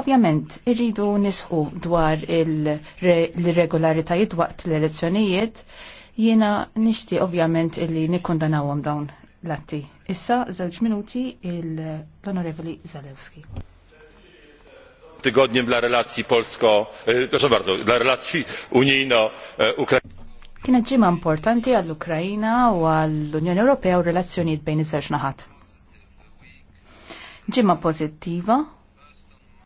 Ovvjament, irridu nisħu dwar il-regolaritajiet waqt l-elezzjonijiet, jiena nishti ovvjament illi nikkondanawhom dawn l-atti. Issa, żewġ minuti l-Onorevoli Zalewski. Tygodniem dla relacji polsko, e, proszę bardzo, dla relacji unijno ukrainy Kienet ġimma importanti għall-Ukrajina u għall-Unjoni Ewropea u relazzjonijiet bejn iż-żewġ naħat. Ġimma pożittiva